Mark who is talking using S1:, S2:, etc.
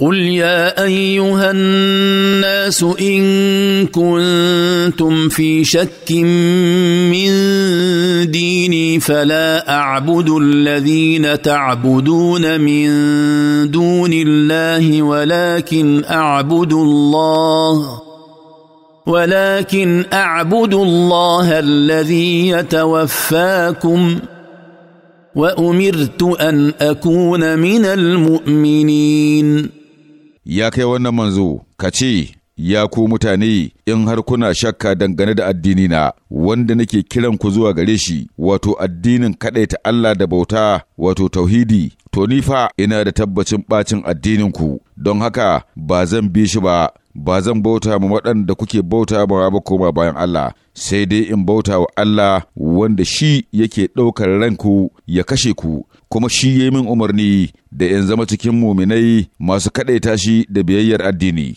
S1: قل يا ايها الناس ان كنتم في شك من ديني فلا اعبد الذين تعبدون من دون الله ولكن اعبد الله ولكن اعبد الله الذي يتوفاكم وامرت ان اكون من المؤمنين
S2: ya kai wannan manzo, ka ce, Ya ku mutane, in har kuna shakka dangane da addini na, wanda nake kiran ku zuwa gare shi, wato addinin kaɗai ta Allah da bauta, wato tauhidi, to ni fa ina da tabbacin ɓacin ku don haka ba zan bi shi ba. ba zan bauta ma waɗanda kuke bauta ba ba koma bayan Allah sai dai in bauta wa Allah wanda shi yake ɗaukar ranku ya kashe ku kuma shi yi min umarni da in zama cikin muminai masu
S3: kaɗaita shi da biyayyar addini